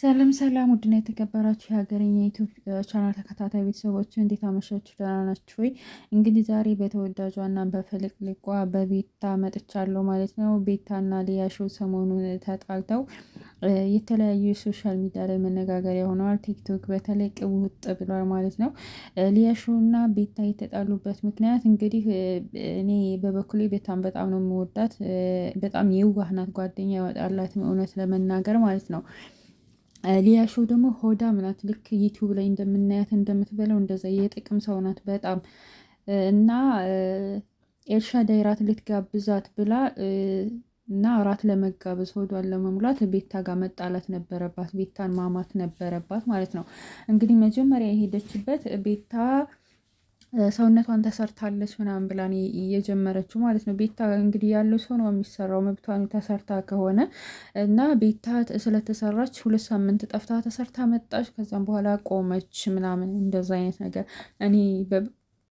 ሰላም ሰላም፣ ውድና የተከበራችሁ የሀገርኛ ዩቱብ ቻናል ተከታታይ ቤተሰቦች እንዴት አመሻችሁ? ደህና ናችሁ ወይ? እንግዲህ ዛሬ በተወዳጇና በፍልቅልቋ በቤታ መጥቻለሁ ማለት ነው። ቤታና ሊያሾ ሰሞኑን ተጣልተው የተለያዩ የሶሻል ሚዲያ ላይ መነጋገሪያ ሆነዋል። ቲክቶክ በተለይ ቅውጥ ብሏል ማለት ነው። ሊያሾና ቤታ የተጣሉበት ምክንያት እንግዲህ እኔ በበኩሌ ቤታን በጣም ነው የምወዳት። በጣም የዋህናት ጓደኛ ያወጣላትም እውነት ለመናገር ማለት ነው ሊያሾ ደግሞ ሆዳም ናት። ልክ ዩቲዩብ ላይ እንደምናያት እንደምትበለው እንደዛ የጥቅም ሰው ናት በጣም እና ኤልሻዳይ ዳይራት ልትጋብዛት ብላ እና ራት ለመጋበዝ ሆዷን ለመሙላት ቤታ ጋር መጣላት ነበረባት። ቤታን ማማት ነበረባት ማለት ነው። እንግዲህ መጀመሪያ የሄደችበት ቤታ ሰውነቷን ተሰርታለች ምናምን ብላ እየጀመረችው ማለት ነው። ቤታ እንግዲህ ያለው ሰው ነው የሚሰራው፣ መብቷን ተሰርታ ከሆነ እና ቤታ ስለተሰራች ሁለት ሳምንት ጠፍታ ተሰርታ መጣች፣ ከዛም በኋላ ቆመች ምናምን እንደዛ አይነት ነገር እኔ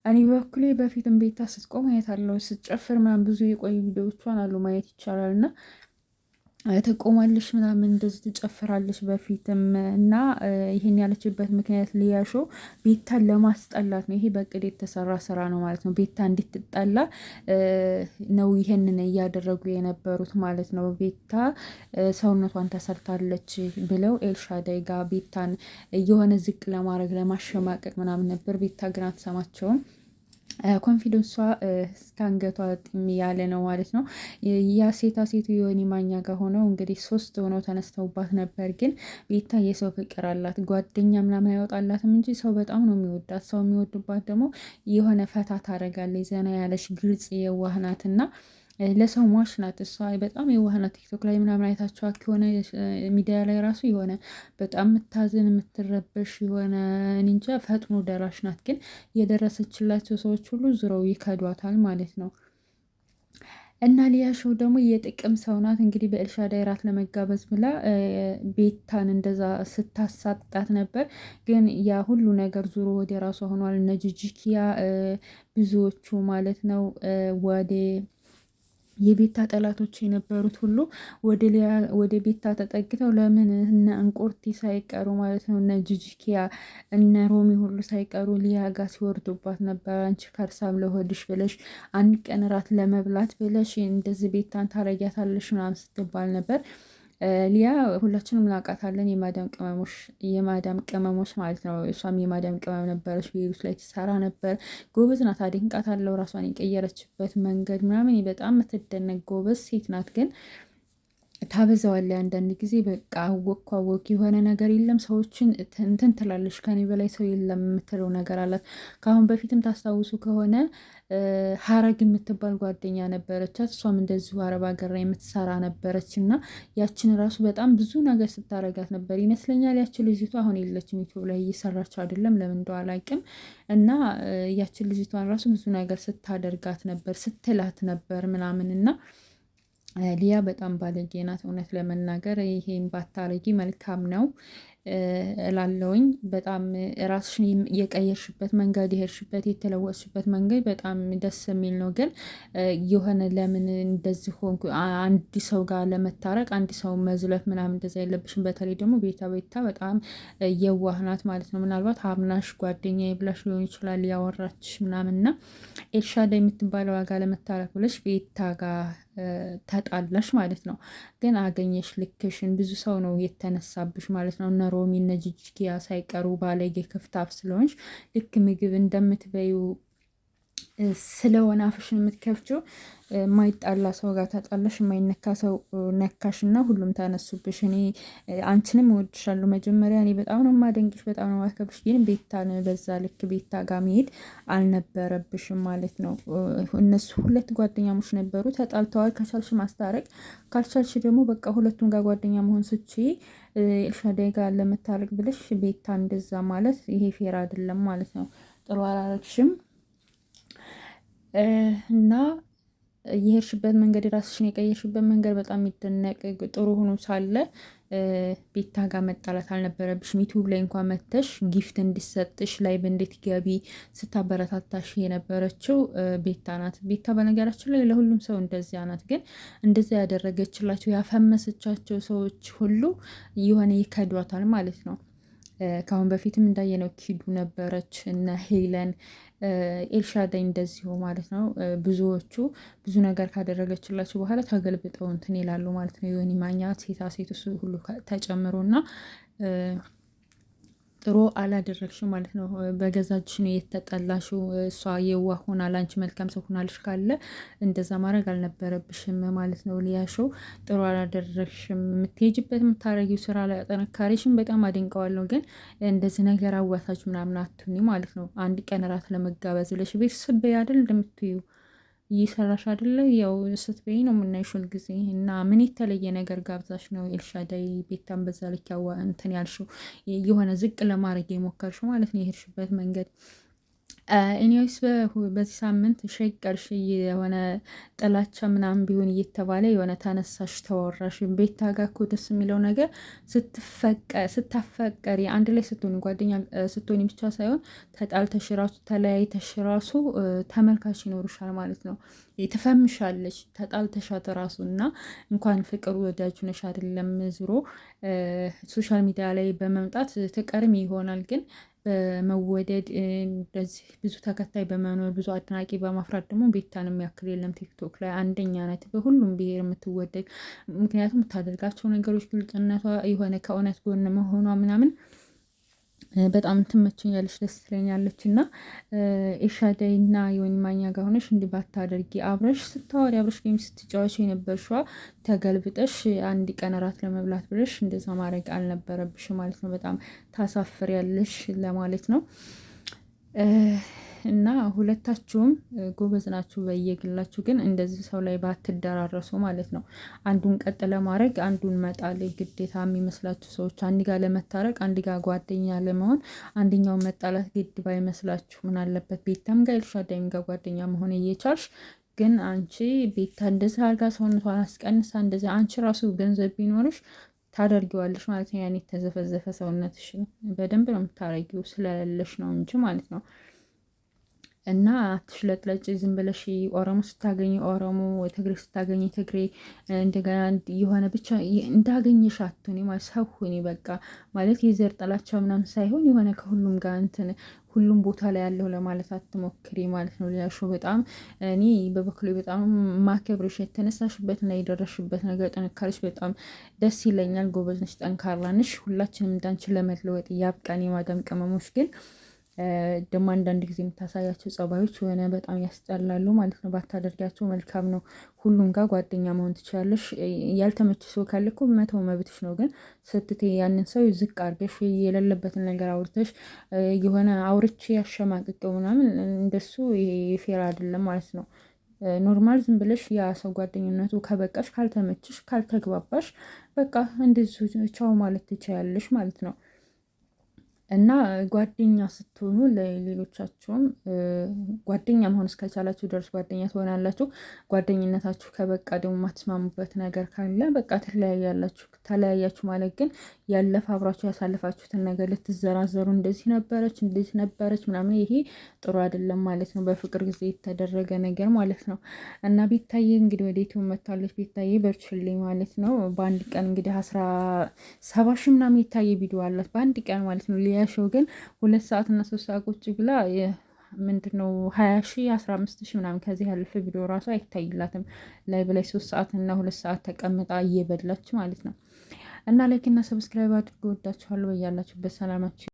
እኔ በኩሌ በፊትም ቤታ ስትቆም ማየት አለው ስትጨፍር ምናምን ብዙ የቆዩ ቪዲዮቿን አሉ ማየት ይቻላል እና ትቆማለሽ ምናምን እንደዚህ ትጨፍራለች በፊትም እና ይሄን ያለችበት ምክንያት ሊያሾ ቤታን ለማስጠላት ነው። ይሄ በቅድ የተሰራ ስራ ነው ማለት ነው። ቤታ እንድትጠላ ነው ይሄንን እያደረጉ የነበሩት ማለት ነው። ቤታ ሰውነቷን ተሰርታለች ብለው ኤልሻዳይ ጋ ቤታን የሆነ ዝቅ ለማድረግ ለማሸማቀቅ ምናምን ነበር። ቤታ ግን አትሰማቸውም። ኮንፊደንሷ እስከ አንገቷ ጥም ያለ ነው ማለት ነው። ያ ሴታ ሴቱ የሆኒ ማኛ ጋር ሆነው እንግዲህ ሶስት ሆነው ተነስተውባት ነበር። ግን ቤታ የሰው ፍቅር አላት። ጓደኛ ምናምን አይወጣላትም እንጂ ሰው በጣም ነው የሚወዳት። ሰው የሚወድባት ደግሞ የሆነ ፈታ ታደርጋለች። ዘና ያለች ግልጽ የዋህናትና ለሰው ሟች ናት እሷ። በጣም የዋህ ናት። ቲክቶክ ላይ ምናምን አይታችኋት ከሆነ ሚዲያ ላይ ራሱ የሆነ በጣም የምታዝን የምትረበሽ የሆነ እንጃ ፈጥኖ ደራሽ ናት። ግን የደረሰችላቸው ሰዎች ሁሉ ዙረው ይከዷታል ማለት ነው። እና ሊያሾው ደግሞ የጥቅም ሰው ናት። እንግዲህ በኤልሻዳይ ራት ለመጋበዝ ብላ ቤታን እንደዛ ስታሳጣት ነበር። ግን ያ ሁሉ ነገር ዙሮ ወደ ራሷ ሆኗል። እነ ጂጂኪያ ብዙዎቹ ማለት ነው ወዴ የቤታ ጠላቶች የነበሩት ሁሉ ወደ ቤታ ተጠግተው ለምን እነ እንቁርቲ ሳይቀሩ ማለት ነው እነ ጂጂኪያ እነ ሮሚ ሁሉ ሳይቀሩ ሊያጋ ሲወርዱባት ነበር። አንቺ ከርሳም ለሆድሽ ብለሽ አንድ ቀን ለመብላት ብለሽ እንደዚህ ቤታን ታረጊያታለሽ ምናምን ስትባል ነበር። ሊያ ሁላችንም እናውቃታለን። የማዳም ቅመሞች የማዳም ቅመሞች ማለት ነው። እሷም የማዳም ቅመም ነበረች፣ ቤሩት ላይ ትሰራ ነበር። ጎበዝ ናት፣ አደንቃታለሁ። ራሷን የቀየረችበት መንገድ ምናምን በጣም የምትደነቅ ጎበዝ ሴት ናት ግን ታበዛዋለህ አንዳንድ ጊዜ በቃ አወቅኩ አወቅ የሆነ ነገር የለም ሰዎችን እንትን ትላለች ከኔ በላይ ሰው የለም የምትለው ነገር አላት። ከአሁን በፊትም ታስታውሱ ከሆነ ሀረግ የምትባል ጓደኛ ነበረቻት እሷም እንደዚሁ አረብ ሀገር ላይ የምትሰራ ነበረች እና ያችን ራሱ በጣም ብዙ ነገር ስታረጋት ነበር ይመስለኛል ያችን ልጅቷ አሁን የለችም ዩቲዩብ ላይ እየሰራች አይደለም ለምን እንደው አላውቅም። እና ያችን ልጅቷን ራሱ ብዙ ነገር ስታደርጋት ነበር ስትላት ነበር ምናምን እና ሊያ በጣም ባለጌ ናት። እውነት ለመናገር ይሄን ባታረጊ መልካም ነው ላለውኝ በጣም ራስሽን የቀየርሽበት መንገድ የሄድሽበት የተለወስሽበት መንገድ በጣም ደስ የሚል ነው። ግን የሆነ ለምን እንደዚህ ሆንኩ አንድ ሰው ጋር ለመታረቅ አንድ ሰው መዝለፍ ምናምን እንደዚ የለብሽም። በተለይ ደግሞ ቤታ ቤታ በጣም የዋህ ናት ማለት ነው። ምናልባት አምናሽ ጓደኛ የብላሽ ሊሆን ይችላል ያወራች ምናምንና ኤልሻዳ የምትባለው ዋጋ ለመታረቅ ብለሽ ቤታ ጋር ተጣላሽ ማለት ነው። ግን አገኘሽ ልክሽን። ብዙ ሰው ነው የተነሳብሽ ማለት ነው። ሮሚ እነ ጂጂኪያ ሳይቀሩ ባለጌ ክፍታፍ ስለሆንሽ ልክ ምግብ እንደምትበዩ ስለሆነ አፍሽን የምትከፍችው የማይጣላ ሰው ጋር ታጣላሽ፣ የማይነካ ሰው ነካሽ እና ሁሉም ታነሱብሽ። እኔ አንቺንም እወድሻለሁ። መጀመሪያ እኔ በጣም ነው የማደንቅሽ፣ በጣም ነው የማከብርሽ። ግን ቤታ በዛ ልክ ቤታ ጋር መሄድ አልነበረብሽም ማለት ነው። እነሱ ሁለት ጓደኛሞች ነበሩ፣ ተጣልተዋል። ከቻልሽ ማስታረቅ፣ ካልቻልሽ ደግሞ በቃ ሁለቱም ጋር ጓደኛ መሆን ስቼ ኤልሻዳይ ጋር ለምታርቅ ብለሽ ቤታ እንደዛ ማለት ይሄ ፌር አይደለም ማለት ነው። ጥሩ አላረግሽም እና የሄድሽበት መንገድ የራስሽን የቀየርሽበት መንገድ በጣም የሚደነቅ ጥሩ ሆኖ ሳለ ቤታ ጋር መጣላት አልነበረብሽም። ዩቲዩብ ላይ እንኳ መተሽ ጊፍት እንዲሰጥሽ ላይ በእንዴት ገቢ ስታበረታታሽ የነበረችው ቤታ ናት። ቤታ በነገራችን ላይ ለሁሉም ሰው እንደዚያ ናት። ግን እንደዚያ ያደረገችላቸው ያፈመሰቻቸው ሰዎች ሁሉ የሆነ ይከዷታል ማለት ነው። ከአሁን በፊትም እንዳየነው ኪዱ ነበረች እና ሄለን ኤልሻዳይ እንደዚሁ ማለት ነው። ብዙዎቹ ብዙ ነገር ካደረገችላቸው በኋላ ተገልብጠው እንትን ይላሉ ማለት ነው። የሆነ ማኛ ሴታ ሴት ሁሉ ተጨምሮ እና ጥሩ አላደረግሽው ማለት ነው። በገዛች ነው የተጠላሹ። እሷ የዋ ሆና ላንቺ መልካም ሰው ሆናልሽ ካለ እንደዛ ማድረግ አልነበረብሽም ማለት ነው። ሊያሾው ጥሩ አላደረግሽም። የምትሄጅበት የምታረጊው ስራ ላይ ጥንካሬሽን በጣም አድንቀዋለሁ፣ ግን እንደዚህ ነገር አዋሳች ምናምን አትሁኚ ማለት ነው። አንድ ቀን እራት ለመጋበዝ ብለሽ ቤት ቤተሰብ አይደል እንደምትዩ እየሰራሽ አይደለ? ያው ስትበይ ነው የምናይሽ ሁልጊዜ። እና ምን የተለየ ነገር ጋብዛሽ ነው ኤልሻዳይ ቤታን በዛ ልክ ያዋ እንትን ያልሽው የሆነ ዝቅ ለማድረግ የሞከርሽው ማለት ነው የሄድሽበት መንገድ ኢኒዌይስ በዚህ ሳምንት ሸይ ቀርሽ የሆነ ጥላቻ ምናምን ቢሆን እየተባለ የሆነ ተነሳሽ ተወራሽ ቤታ ጋር እኮ ደስ የሚለው ነገር ስታፈቀሪ አንድ ላይ ስትሆኒ ጓደኛ ስትሆኒ ብቻ ሳይሆን ተጣልተሽ ራሱ ተለያይተሽ ራሱ ተመልካች ይኖርሻል ማለት ነው። ትፈምሻለች ተጣልተሻት ራሱ እና እንኳን ፍቅር ወዳጅ ነሽ አይደለም ዞሮ ሶሻል ሚዲያ ላይ በመምጣት ትቀርሚ ይሆናል ግን በመወደድ እንደዚህ ብዙ ተከታይ በመኖር ብዙ አድናቂ በማፍራት ደግሞ ቤታን የሚያክል የለም። ቲክቶክ ላይ አንደኛ ናት፣ በሁሉም ብሔር የምትወደድ ምክንያቱም የምታደርጋቸው ነገሮች ግልጽነቷ የሆነ ከእውነት ጎን መሆኗ ምናምን በጣም ትመቸኛለች፣ ደስ ትለኛለች እና ኤሻዳይ ና የወይን ማኛ ጋር ሆነሽ እንዲህ ባታደርጊ አብረሽ ስታወሪ አብረሽ ወይም ስትጫወች የነበር ተገልብጠሽ አንድ ቀን እራት ለመብላት ብለሽ እንደዛ ማድረግ አልነበረብሽ ማለት ነው። በጣም ታሳፍሪያለሽ ለማለት ነው። እና ሁለታችሁም ጎበዝ ናችሁ በየግላችሁ። ግን እንደዚህ ሰው ላይ ባትደራረሱ ማለት ነው። አንዱን ቀጥ ለማድረግ አንዱን መጣል ግዴታ የሚመስላችሁ ሰዎች አንድ ጋር ለመታረቅ አንድ ጋር ጓደኛ ለመሆን አንደኛውን መጣላት ግድ ባይመስላችሁ ምን አለበት? ቤታም ጋር ኤልሻዳይም ጋር ጓደኛ መሆን እየቻልሽ ግን አንቺ ቤታ እንደዚህ አርጋ ሰውነቷን አስቀንሳ እንደዚህ አንቺ ራሱ ገንዘብ ቢኖርሽ ታደርጊዋለሽ ማለት ነው። ያኔ የተዘፈዘፈ ሰውነትሽ በደንብ ነው የምታረጊው ስለሌለሽ ነው እንጂ ማለት ነው። እና አትሽለጥለጭ ዝም ብለሽ ኦሮሞ ስታገኝ ኦሮሞ፣ ትግሬ ስታገኝ ትግሬ፣ እንደገና የሆነ ብቻ እንዳገኘሽ አትሁኒ ማለት ሰው ሁኒ። በቃ ማለት የዘር ጥላቻ ምናምን ሳይሆን የሆነ ከሁሉም ጋር እንትን ሁሉም ቦታ ላይ ያለው ለማለት አትሞክሪ ማለት ነው። ሌላሾ በጣም እኔ በበኩሌ በጣም ማከብርሽ እና የደረሽበት ነገር ጥንካሬሽ በጣም ደስ ይለኛል። ጎበዝነሽ፣ ጠንካራንሽ። ሁላችንም እንዳንችን ለመለወጥ ያብቃን። የማዳም ቅመሞች ግን ደግሞ አንዳንድ ጊዜ የምታሳያቸው ጸባዮች የሆነ በጣም ያስጠላሉ ማለት ነው። ባታደርጋቸው መልካም ነው። ሁሉም ጋር ጓደኛ መሆን ትችላለሽ። ያልተመች ሰው ካለ እኮ መተው መብትሽ ነው። ግን ሰትቴ ያንን ሰው ዝቅ አድርገሽ የሌለበትን ነገር አውርተሽ የሆነ አውርቼ ያሸማቅቀው ምናምን እንደሱ ፌር አይደለም ማለት ነው። ኖርማል ዝም ብለሽ ያ ሰው ጓደኝነቱ ከበቃሽ፣ ካልተመችሽ፣ ካልተግባባሽ በቃ እንደዚሁ ቻው ማለት ትችያለሽ ማለት ነው። እና ጓደኛ ስትሆኑ ለሌሎቻችሁም ጓደኛ መሆን እስከቻላችሁ ድረስ ጓደኛ ትሆናላችሁ። ጓደኝነታችሁ ከበቃ ደግሞ የማትስማሙበት ነገር ካለ በቃ ትለያያላችሁ። ተለያያችሁ ማለት ግን ያለፈ አብራችሁ ያሳለፋችሁትን ነገር ልትዘራዘሩ እንደዚህ ነበረች እንደዚህ ነበረች ምናምን፣ ይሄ ጥሩ አይደለም ማለት ነው። በፍቅር ጊዜ የተደረገ ነገር ማለት ነው። እና ቤታዬ እንግዲህ ወደ ኢትዮ መታለች። ቤታዬ በርችልኝ ማለት ነው። በአንድ ቀን እንግዲህ አስራ ሰባ ሺህ ምናምን የታየ ቪዲዮ አላት በአንድ ቀን ማለት ነው። ያሸው ግን ሁለት ሰዓት እና ሶስት ሰዓት ቁጭ ብላ ምንድነው ሀያ ሺ አስራ አምስት ሺ ምናምን ከዚህ ያለፈ ቪዲዮ ራሱ አይታይላትም። ላይ በላይ ሶስት ሰዓት እና ሁለት ሰዓት ተቀምጣ እየበላች ማለት ነው። እና ላይክ እና ሰብስክራይብ አድርጎ ወዳችኋለሁ። በያላችሁበት ሰላማችሁ